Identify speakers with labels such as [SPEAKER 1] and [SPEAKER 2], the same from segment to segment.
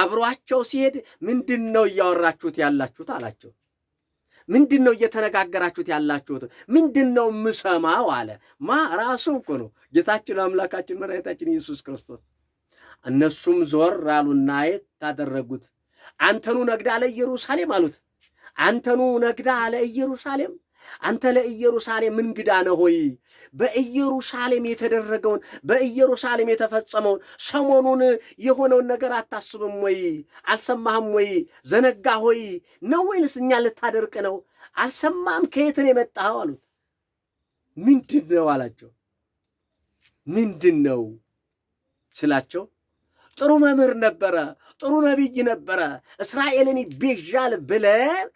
[SPEAKER 1] አብሯቸው ሲሄድ ምንድን ነው እያወራችሁት ያላችሁት አላቸው። ምንድን ነው እየተነጋገራችሁት ያላችሁት? ምንድን ነው ምሰማው አለ። ማ ራሱ እኮ ነው ጌታችን አምላካችን መድኃኒታችን ኢየሱስ ክርስቶስ። እነሱም ዞር አሉና አየት ታደረጉት። አንተኑ ነግዳ አለ ኢየሩሳሌም አሉት። አንተኑ ነግዳ አለ ኢየሩሳሌም አንተ ለኢየሩሳሌም እንግዳ ነህ ሆይ በኢየሩሳሌም የተደረገውን በኢየሩሳሌም የተፈጸመውን ሰሞኑን የሆነውን ነገር አታስብም ወይ? አልሰማህም ወይ? ዘነጋ ሆይ ነው ወይንስ እኛ ልታደርቅ ነው? አልሰማህም? ከየትን የመጣኸው አሉት። ምንድን ነው አላቸው። ምንድን ነው ስላቸው ጥሩ መምህር ነበረ፣ ጥሩ ነቢይ ነበረ፣ እስራኤልን ይቤዣል ብለን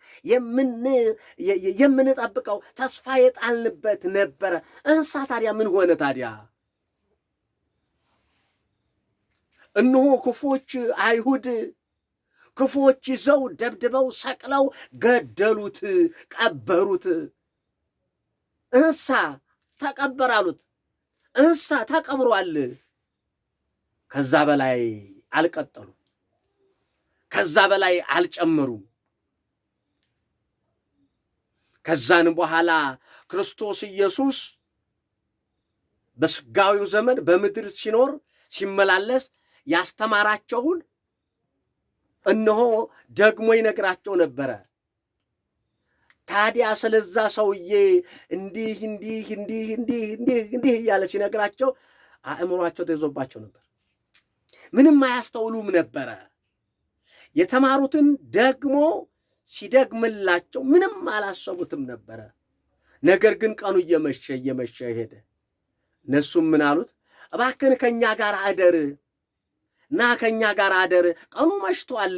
[SPEAKER 1] የምንጠብቀው ተስፋ የጣልንበት ነበረ። እንሳ ታዲያ ምን ሆነ ታዲያ? እነሆ ክፉዎች አይሁድ ክፉዎች ይዘው ደብድበው ሰቅለው ገደሉት፣ ቀበሩት። እንሳ ተቀበራሉት፣ እንሳ ተቀብሯል። ከዛ በላይ አልቀጠሉ ከዛ በላይ አልጨምሩ ከዛን በኋላ ክርስቶስ ኢየሱስ በስጋዊው ዘመን በምድር ሲኖር ሲመላለስ ያስተማራቸውን እነሆ ደግሞ ይነግራቸው ነበረ። ታዲያ ስለዛ ሰውዬ እንዲህ እንዲህ እንዲህ እንዲህ እንዲህ እንዲህ እያለ ሲነግራቸው አእምሯቸው ተይዞባቸው ነበር። ምንም አያስተውሉም ነበረ። የተማሩትን ደግሞ ሲደግምላቸው ምንም አላሰቡትም ነበረ። ነገር ግን ቀኑ እየመሸ እየመሸ ሄደ። እነሱም ምን አሉት? እባክን ከእኛ ጋር አደር ና ከእኛ ጋር አደር፣ ቀኑ መሽቷል።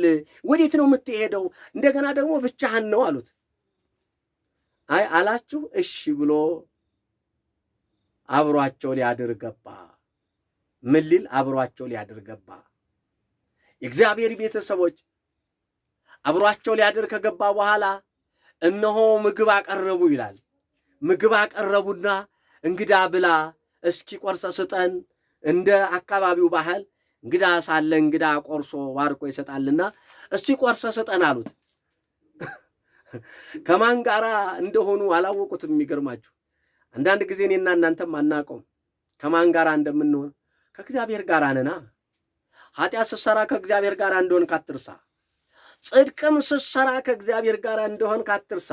[SPEAKER 1] ወዴት ነው የምትሄደው? እንደገና ደግሞ ብቻህን ነው አሉት። አይ አላችሁ። እሺ ብሎ አብሯቸው ሊያድር ገባ። ምን ሊል አብሯቸው ሊያድር ገባ። የእግዚአብሔር ቤተሰቦች አብሯቸው ሊያድር ከገባ በኋላ እነሆ ምግብ አቀረቡ ይላል። ምግብ አቀረቡና እንግዳ ብላ እስኪ ቆርሰ ስጠን፣ እንደ አካባቢው ባህል እንግዳ ሳለ እንግዳ ቆርሶ ባርቆ ይሰጣልና እስቲ ቆርሰ ስጠን አሉት። ከማን ጋራ እንደሆኑ አላወቁትም። የሚገርማችሁ አንዳንድ ጊዜ እኔና እናንተም አናውቀውም ከማን ጋራ እንደምንሆን ከእግዚአብሔር ጋር ነና። ኃጢአት ስትሰራ ከእግዚአብሔር ጋር እንደሆን ካትርሳ። ጽድቅም ስትሰራ ከእግዚአብሔር ጋር እንደሆን ካትርሳ።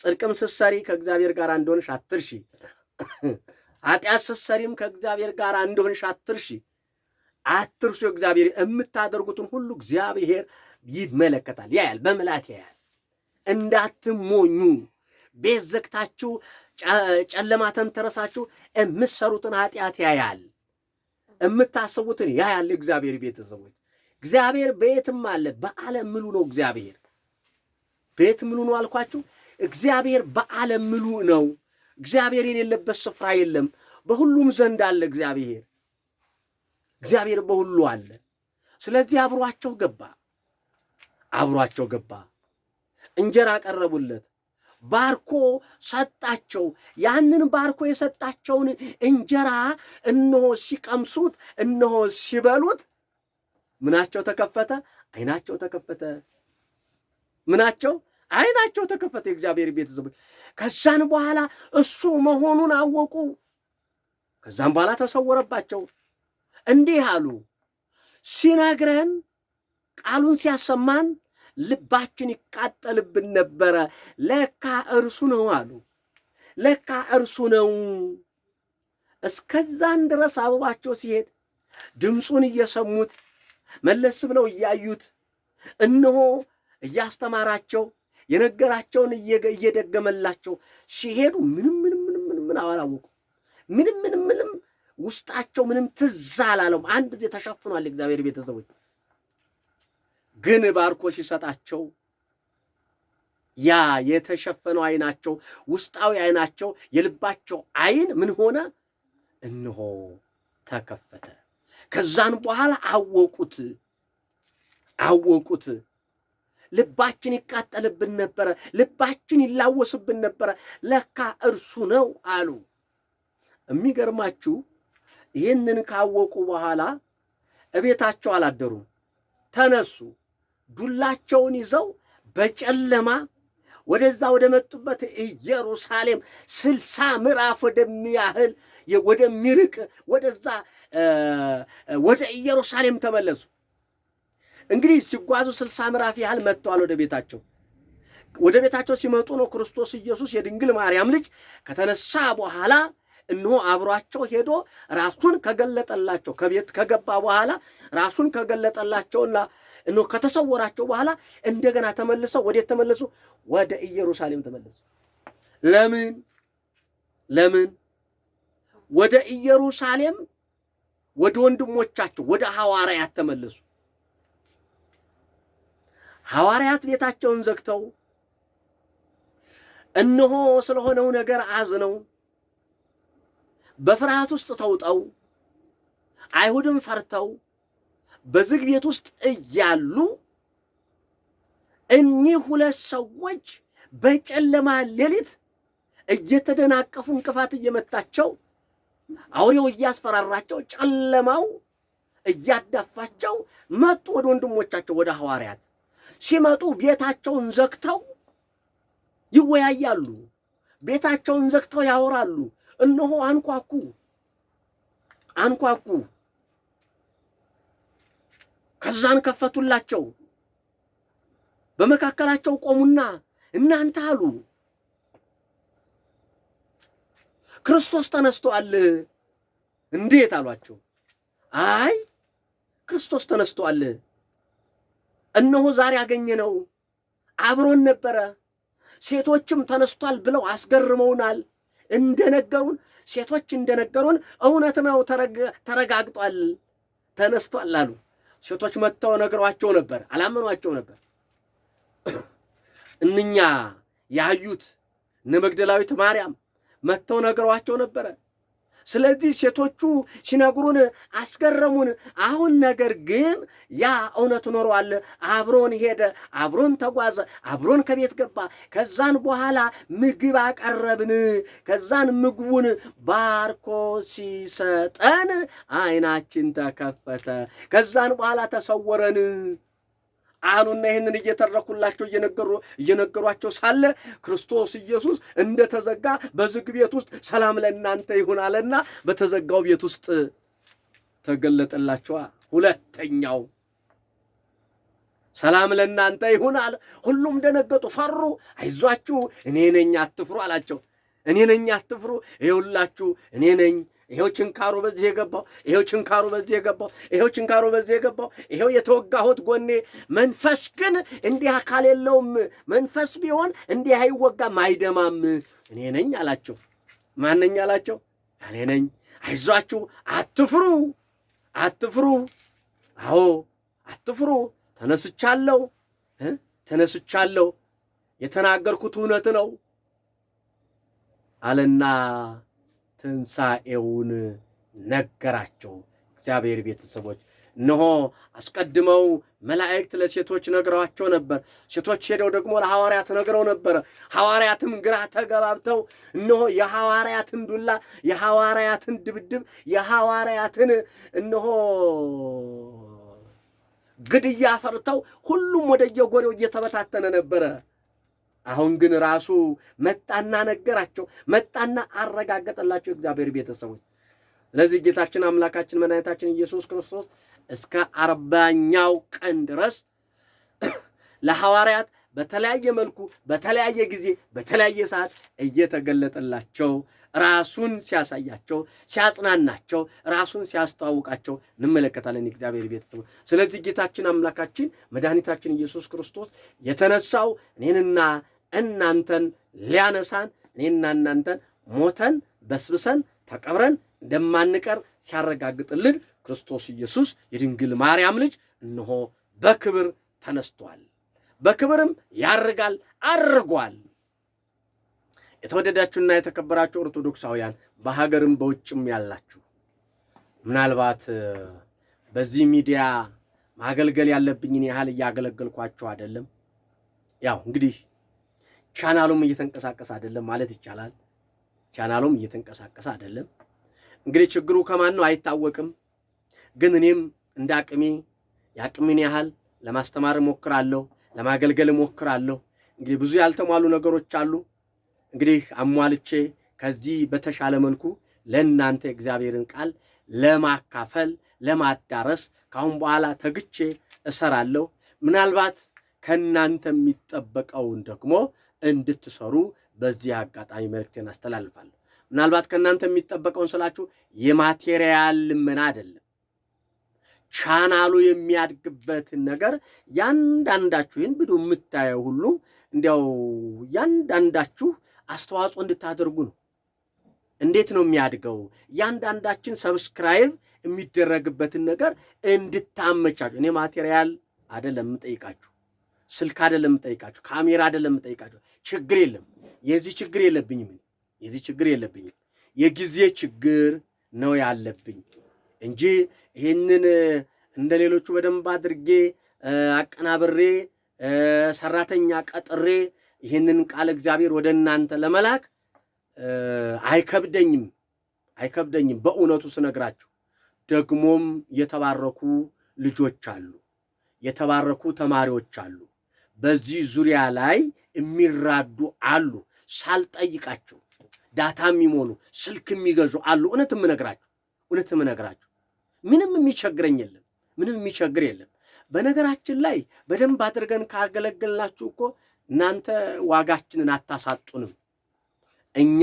[SPEAKER 1] ጽድቅም ስትሰሪ ከእግዚአብሔር ጋር እንደሆን ሻትርሺ። ኃጢአት ስትሰሪም ከእግዚአብሔር ጋር እንደሆን ሻትርሺ። አትርሱ። እግዚአብሔር የምታደርጉትን ሁሉ እግዚአብሔር ይመለከታል፣ ያያል፣ በምላት ያያል። እንዳትሞኙ ቤት ዘግታችሁ ጨለማተን ተረሳችሁ የምትሰሩትን ኃጢአት ያያል። የምታስቡትን ያ ያለ እግዚአብሔር ቤተሰቦች እግዚአብሔር በየትም አለ። በዓለም ምሉ ነው እግዚአብሔር በየት ምሉ ነው አልኳችሁ። እግዚአብሔር በዓለም ምሉ ነው። እግዚአብሔር የሌለበት ስፍራ የለም። በሁሉም ዘንድ አለ እግዚአብሔር። እግዚአብሔር በሁሉ አለ። ስለዚህ አብሯቸው ገባ፣ አብሯቸው ገባ። እንጀራ ቀረቡለት። ባርኮ ሰጣቸው። ያንን ባርኮ የሰጣቸውን እንጀራ እነሆ ሲቀምሱት፣ እነሆ ሲበሉት ምናቸው ተከፈተ? አይናቸው ተከፈተ። ምናቸው አይናቸው ተከፈተ። የእግዚአብሔር ቤተሰቦች ከዛን በኋላ እሱ መሆኑን አወቁ። ከዛም በኋላ ተሰወረባቸው። እንዲህ አሉ ሲነግረን ቃሉን ሲያሰማን ልባችን ይቃጠልብን ነበረ። ለካ እርሱ ነው አሉ። ለካ እርሱ ነው። እስከዛን ድረስ አበባቸው ሲሄድ ድምፁን እየሰሙት መለስ ብለው እያዩት እነሆ እያስተማራቸው የነገራቸውን እየደገመላቸው ሲሄዱ ምንም ምንም ምንም ምንም አላወቁ። ምንም ምንም ምንም ውስጣቸው ምንም ትዝ አላለውም። አንድ ጊዜ ተሸፍኗል። እግዚአብሔር ቤተሰቦች ግን ባርኮ ሲሰጣቸው ያ የተሸፈነው አይናቸው ውስጣዊ አይናቸው የልባቸው አይን ምን ሆነ? እንሆ ተከፈተ። ከዛን በኋላ አወቁት አወቁት። ልባችን ይቃጠልብን ነበረ፣ ልባችን ይላወስብን ነበረ። ለካ እርሱ ነው አሉ። የሚገርማችሁ ይህንን ካወቁ በኋላ እቤታቸው አላደሩም፣ ተነሱ ዱላቸውን ይዘው በጨለማ ወደዛ ወደ መጡበት ኢየሩሳሌም ስልሳ ምዕራፍ ወደሚያህል ወደሚርቅ ወደዛ ወደ ኢየሩሳሌም ተመለሱ። እንግዲህ ሲጓዙ ስልሳ ምዕራፍ ያህል መጥተዋል ወደ ቤታቸው። ወደ ቤታቸው ሲመጡ ነው ክርስቶስ ኢየሱስ የድንግል ማርያም ልጅ ከተነሳ በኋላ እነሆ አብሯቸው ሄዶ ራሱን ከገለጠላቸው ከቤት ከገባ በኋላ ራሱን ከገለጠላቸውና እነ ከተሰወራቸው በኋላ እንደገና ተመልሰው ወዴት ተመለሱ? ወደ ኢየሩሳሌም ተመለሱ። ለምን ለምን ወደ ኢየሩሳሌም ወደ ወንድሞቻቸው ወደ ሐዋርያት ተመለሱ። ሐዋርያት ቤታቸውን ዘግተው እነሆ ስለሆነው ነገር አዝነው በፍርሃት ውስጥ ተውጠው አይሁድም ፈርተው በዝግ ቤት ውስጥ እያሉ እኒህ ሁለት ሰዎች በጨለማ ሌሊት እየተደናቀፉ እንቅፋት እየመታቸው አውሬው እያስፈራራቸው ጨለማው እያዳፋቸው መጡ። ወደ ወንድሞቻቸው ወደ ሐዋርያት ሲመጡ ቤታቸውን ዘግተው ይወያያሉ። ቤታቸውን ዘግተው ያወራሉ። እነሆ አንኳኩ አንኳኩ ከዛን ከፈቱላቸው። በመካከላቸው ቆሙና እናንተ አሉ ክርስቶስ ተነስቶአል። እንዴት አሏቸው። አይ ክርስቶስ ተነስቶአል፣ እነሆ ዛሬ አገኘነው፣ አብሮን ነበረ፣ ሴቶችም ተነስቷል ብለው አስገርመውናል። እንደነገሩን ሴቶች እንደነገሩን እውነት ነው፣ ተረጋግጧል፣ ተነስቷል አሉ። ሴቶች መጥተው ነግሯቸው ነበር፣ አላመኗቸው ነበር። እንኛ ያዩት እነ መግደላዊት ማርያም መጥተው ነግሯቸው ነበረ። ስለዚህ ሴቶቹ ሲነግሩን አስገረሙን። አሁን ነገር ግን ያ እውነት ኖሯል። አብሮን ሄደ፣ አብሮን ተጓዘ፣ አብሮን ከቤት ገባ። ከዛን በኋላ ምግብ አቀረብን። ከዛን ምግቡን ባርኮ ሲሰጠን አይናችን ተከፈተ። ከዛን በኋላ ተሰወረን። አሉና ይህንን እየተረኩላቸው እየነገሯቸው ሳለ ክርስቶስ ኢየሱስ እንደተዘጋ በዝግ ቤት ውስጥ ሰላም ለእናንተ ይሁን አለና በተዘጋው ቤት ውስጥ ተገለጠላቸዋ። ሁለተኛው ሰላም ለእናንተ ይሁን አለ። ሁሉም ደነገጡ፣ ፈሩ። አይዟችሁ እኔ ነኝ አትፍሩ አላቸው። እኔ ነኝ አትፍሩ፣ ይሁላችሁ እኔ ነኝ ይሄው ችንካሩ በዚህ የገባው ይሄው ችንካሩ በዚህ የገባው ይሄው ችንካሩ በዚህ የገባው ይሄው የተወጋሁት ጎኔ። መንፈስ ግን እንዲህ አካል የለውም። መንፈስ ቢሆን እንዲህ አይወጋም፣ አይደማም። እኔ ነኝ አላቸው። ማነኝ አላቸው? እኔ ነኝ። አይዟችሁ፣ አትፍሩ፣ አትፍሩ። አዎ አትፍሩ፣ ተነስቻለሁ፣ ተነስቻለሁ። የተናገርኩት እውነት ነው አለና ትንሣኤውን ነገራቸው። እግዚአብሔር ቤተሰቦች እነሆ አስቀድመው መላእክት ለሴቶች ነግረዋቸው ነበር። ሴቶች ሄደው ደግሞ ለሐዋርያት ነግረው ነበረ። ሐዋርያትም ግራ ተገባብተው እነሆ የሐዋርያትን ዱላ፣ የሐዋርያትን ድብድብ፣ የሐዋርያትን እነሆ ግድያ ፈርተው ሁሉም ወደየጎሬው እየተበታተነ ነበረ። አሁን ግን ራሱ መጣና ነገራቸው፣ መጣና አረጋገጠላቸው እግዚአብሔር ቤተሰቦች። ስለዚህ ጌታችን አምላካችን መድኃኒታችን ኢየሱስ ክርስቶስ እስከ አርባኛው ቀን ድረስ ለሐዋርያት በተለያየ መልኩ በተለያየ ጊዜ በተለያየ ሰዓት እየተገለጠላቸው ራሱን ሲያሳያቸው ሲያጽናናቸው ራሱን ሲያስተዋውቃቸው እንመለከታለን። እግዚአብሔር ቤተሰብ ስለዚህ ጌታችን አምላካችን መድኃኒታችን ኢየሱስ ክርስቶስ የተነሳው እኔንና እናንተን ሊያነሳን እኔና እናንተን ሞተን በስብሰን ተቀብረን እንደማንቀር ሲያረጋግጥልን ክርስቶስ ኢየሱስ የድንግል ማርያም ልጅ እነሆ በክብር ተነስቷል፣ በክብርም ያርጋል አርጓል። የተወደዳችሁና የተከበራችሁ ኦርቶዶክሳውያን በሀገርም በውጭም ያላችሁ ምናልባት በዚህ ሚዲያ ማገልገል ያለብኝን ያህል እያገለገልኳችሁ አይደለም። ያው እንግዲህ ቻናሉም እየተንቀሳቀሰ አይደለም ማለት ይቻላል። ቻናሉም እየተንቀሳቀሰ አይደለም። እንግዲህ ችግሩ ከማን ነው አይታወቅም። ግን እኔም እንደ አቅሜ የአቅሜን ያህል ለማስተማር እሞክራለሁ፣ ለማገልገል እሞክራለሁ። እንግዲህ ብዙ ያልተሟሉ ነገሮች አሉ። እንግዲህ አሟልቼ ከዚህ በተሻለ መልኩ ለእናንተ የእግዚአብሔርን ቃል ለማካፈል ለማዳረስ ከአሁን በኋላ ተግቼ እሰራለሁ። ምናልባት ከእናንተ የሚጠበቀውን ደግሞ እንድትሰሩ በዚህ አጋጣሚ መልእክቴን አስተላልፋለሁ። ምናልባት ከእናንተ የሚጠበቀውን ስላችሁ የማቴሪያል ልመና አይደለም። ቻናሉ የሚያድግበትን ነገር ያንዳንዳችሁ ይህን ብዱ የምታየው ሁሉ እንዲያው ያንዳንዳችሁ አስተዋጽኦ እንድታደርጉ ነው። እንዴት ነው የሚያድገው? ያንዳንዳችን ሰብስክራይብ የሚደረግበትን ነገር እንድታመቻችሁ እኔ ማቴሪያል አይደለም የምጠይቃችሁ ስልክ አይደለም የምጠይቃችሁ፣ ካሜራ አይደለም የምጠይቃችሁ። ችግር የለም የዚህ ችግር የለብኝም፣ የዚህ ችግር የለብኝም። የጊዜ ችግር ነው ያለብኝ እንጂ ይህንን እንደ ሌሎቹ በደንብ አድርጌ አቀናብሬ ሰራተኛ ቀጥሬ ይህንን ቃል እግዚአብሔር ወደ እናንተ ለመላክ አይከብደኝም አይከብደኝም በእውነቱ ስነግራችሁ። ደግሞም የተባረኩ ልጆች አሉ፣ የተባረኩ ተማሪዎች አሉ። በዚህ ዙሪያ ላይ የሚራዱ አሉ። ሳልጠይቃቸው ዳታ የሚሞሉ ስልክ የሚገዙ አሉ። እውነት የምነግራችሁ እውነት የምነግራችሁ ምንም የሚቸግረኝ የለም። ምንም የሚቸግር የለም። በነገራችን ላይ በደንብ አድርገን ካገለገልናችሁ እኮ እናንተ ዋጋችንን አታሳጡንም። እኛ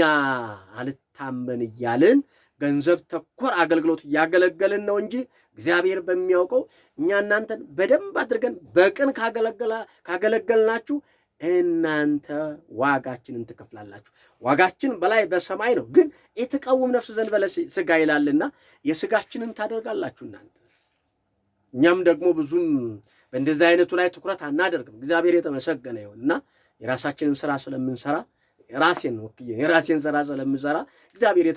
[SPEAKER 1] አልታመን እያልን ገንዘብ ተኮር አገልግሎት እያገለገልን ነው እንጂ እግዚአብሔር በሚያውቀው እኛ እናንተን በደንብ አድርገን በቅን ካገለገልናችሁ እናንተ ዋጋችንን ትከፍላላችሁ። ዋጋችን በላይ በሰማይ ነው። ግን የተቃወም ነፍስ ዘንድ በለ ስጋ ይላልና የስጋችንን ታደርጋላችሁ እናንተ። እኛም ደግሞ ብዙም በእንደዚህ አይነቱ ላይ ትኩረት አናደርግም። እግዚአብሔር የተመሰገነ ይሁን እና የራሳችንን ስራ ስለምንሰራ ራሴን ወክዬ የራሴን ስራ ስለምሰራ እግዚአብሔር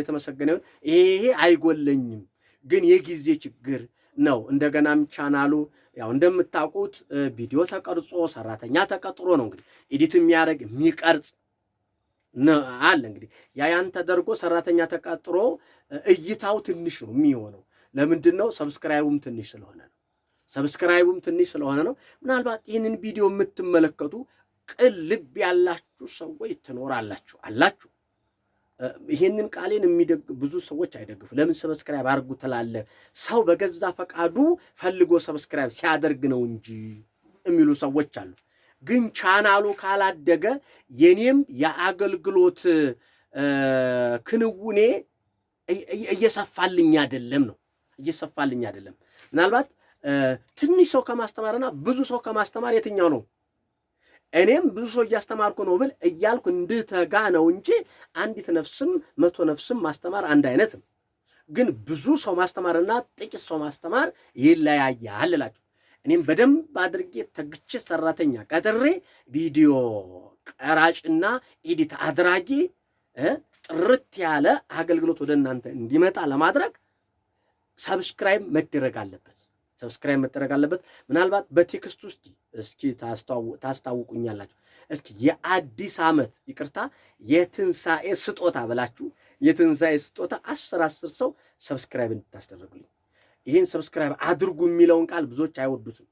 [SPEAKER 1] የተመሰገነ ይሁን። ይሄ አይጎለኝም። ግን የጊዜ ችግር ነው። እንደገናም ቻናሉ ያው እንደምታውቁት ቪዲዮ ተቀርጾ ሰራተኛ ተቀጥሮ ነው እንግዲህ ኤዲት የሚያደርግ የሚቀርጽ አለ እንግዲህ ያ ያን ተደርጎ ሰራተኛ ተቀጥሮ እይታው ትንሽ ነው የሚሆነው። ለምንድን ነው? ሰብስክራይቡም ትንሽ ስለሆነ ነው። ሰብስክራይቡም ትንሽ ስለሆነ ነው። ምናልባት ይህንን ቪዲዮ የምትመለከቱ ቅን ልብ ያላችሁ ሰዎች ትኖራላችሁ አላችሁ ይሄንን ቃሌን ብዙ ሰዎች አይደግፉ። ለምን ሰብስክራይብ አርጉ ትላለህ? ሰው በገዛ ፈቃዱ ፈልጎ ሰብስክራይብ ሲያደርግ ነው እንጂ የሚሉ ሰዎች አሉ። ግን ቻናሉ ካላደገ የኔም የአገልግሎት ክንውኔ እየሰፋልኝ አይደለም ነው እየሰፋልኝ አይደለም። ምናልባት ትንሽ ሰው ከማስተማርና ብዙ ሰው ከማስተማር የትኛው ነው እኔም ብዙ ሰው እያስተማርኩ ነው ብል እያልኩ እንድተጋ ነው እንጂ አንዲት ነፍስም መቶ ነፍስም ማስተማር አንድ አይነት ነው። ግን ብዙ ሰው ማስተማርና ጥቂት ሰው ማስተማር ይለያያል እላችሁ። እኔም በደንብ አድርጌ ተግቼ ሰራተኛ ቀጥሬ ቪዲዮ ቀራጭና ኤዲት አድራጊ ጥርት ያለ አገልግሎት ወደ እናንተ እንዲመጣ ለማድረግ ሰብስክራይብ መደረግ አለበት። ሰብስክራይብ መደረግ አለበት። ምናልባት በቴክስት ውስጥ እስኪ ታስታውቁኛላችሁ። እስኪ የአዲስ ዓመት ይቅርታ የትንሣኤ ስጦታ ብላችሁ የትንሣኤ ስጦታ አስር አስር ሰው ሰብስክራይብ እንድታስደረጉልኝ ይህን ሰብስክራይብ አድርጉ የሚለውን ቃል ብዙዎች አይወዱትም።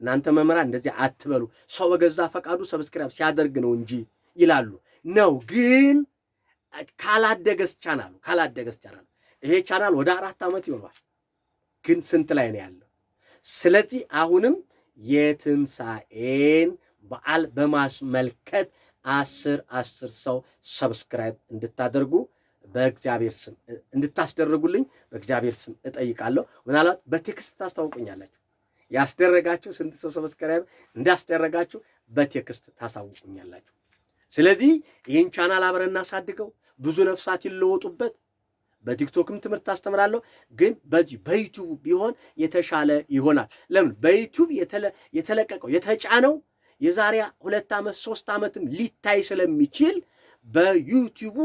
[SPEAKER 1] እናንተ መምህራን እንደዚህ አትበሉ፣ ሰው በገዛ ፈቃዱ ሰብስክራይብ ሲያደርግ ነው እንጂ ይላሉ። ነው ግን ካላደገስ ቻናሉ ካላደገስ ቻናሉ ይሄ ቻናል ወደ አራት ዓመት ይሆናል። ግን ስንት ላይ ነው ያለው? ስለዚህ አሁንም የትንሣኤን በዓል በማስመልከት አስር አስር ሰው ሰብስክራይብ እንድታደርጉ በእግዚአብሔር ስም እንድታስደርጉልኝ በእግዚአብሔር ስም እጠይቃለሁ። ምናልባት በቴክስት ታስታውቁኛላችሁ። ያስደረጋችሁ ስንት ሰው ሰብስክራይብ እንዳስደረጋችሁ በቴክስት ታሳውቁኛላችሁ። ስለዚህ ይህን ቻናል አብረን እናሳድገው፣ ብዙ ነፍሳት ይለወጡበት። በቲክቶክም ትምህርት አስተምራለሁ፣ ግን በዚህ በዩቱብ ቢሆን የተሻለ ይሆናል። ለምን በዩቱብ የተለቀቀው የተጫነው የዛሬ ሁለት ዓመት ሶስት ዓመትም ሊታይ ስለሚችል በዩቱቡ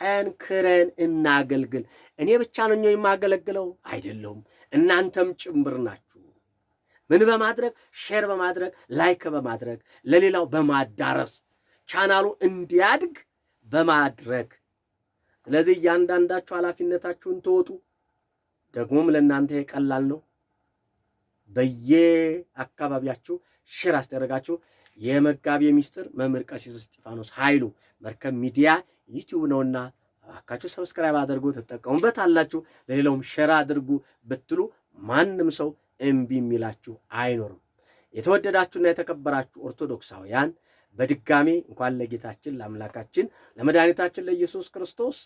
[SPEAKER 1] ጠንክረን እናገልግል። እኔ ብቻ ነኝ የማገለግለው አይደለውም እናንተም ጭምር ናችሁ። ምን በማድረግ ሼር በማድረግ ላይክ በማድረግ ለሌላው በማዳረስ ቻናሉ እንዲያድግ በማድረግ ስለዚህ እያንዳንዳችሁ ኃላፊነታችሁን ተወጡ። ደግሞም ለእናንተ ቀላል ነው። በየ አካባቢያችሁ ሽር አስደረጋችሁ። የመጋቢ ሚስጥር መምህር ቀሲስ እስጢፋኖስ ኃይሉ መርከብ ሚዲያ ዩቲዩብ ነውና እባካችሁ ሰብስክራይብ አድርጉ፣ ትጠቀሙበት አላችሁ። ለሌላውም ሸራ አድርጉ ብትሉ ማንም ሰው እምቢ የሚላችሁ አይኖርም። የተወደዳችሁና የተከበራችሁ ኦርቶዶክሳውያን በድጋሚ እንኳን ለጌታችን ለአምላካችን ለመድኃኒታችን ለኢየሱስ ክርስቶስ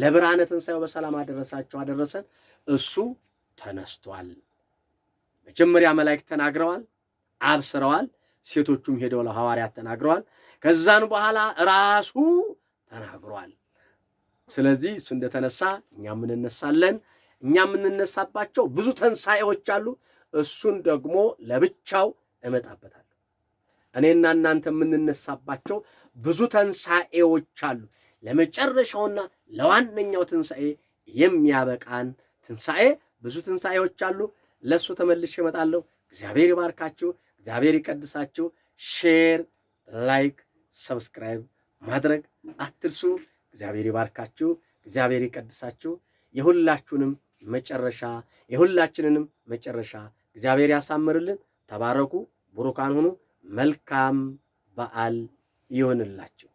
[SPEAKER 1] ለብርሃነ ትንሣኤው በሰላም አደረሳቸው አደረሰን። እሱ ተነስቷል። መጀመሪያ መላእክት ተናግረዋል፣ አብስረዋል። ሴቶቹም ሄደው ለሐዋርያት ተናግረዋል። ከዛን በኋላ ራሱ ተናግሯል። ስለዚህ እሱ እንደተነሳ እኛም እንነሳለን። እኛ የምንነሳባቸው ብዙ ትንሣኤዎች አሉ። እሱን ደግሞ ለብቻው እመጣበታል። እኔና እናንተ የምንነሳባቸው ብዙ ትንሣኤዎች አሉ። ለመጨረሻውና ለዋነኛው ትንሣኤ የሚያበቃን ትንሣኤ ብዙ ትንሣኤዎች አሉ። ለእሱ ተመልሼ እመጣለሁ። እግዚአብሔር ይባርካችሁ፣ እግዚአብሔር ይቀድሳችሁ። ሼር፣ ላይክ፣ ሰብስክራይብ ማድረግ አትርሱ። እግዚአብሔር ይባርካችሁ፣ እግዚአብሔር ይቀድሳችሁ። የሁላችሁንም መጨረሻ የሁላችንንም መጨረሻ እግዚአብሔር ያሳምርልን። ተባረኩ፣ ቡሩካን ሁኑ። መልካም በዓል ይሆንላችሁ።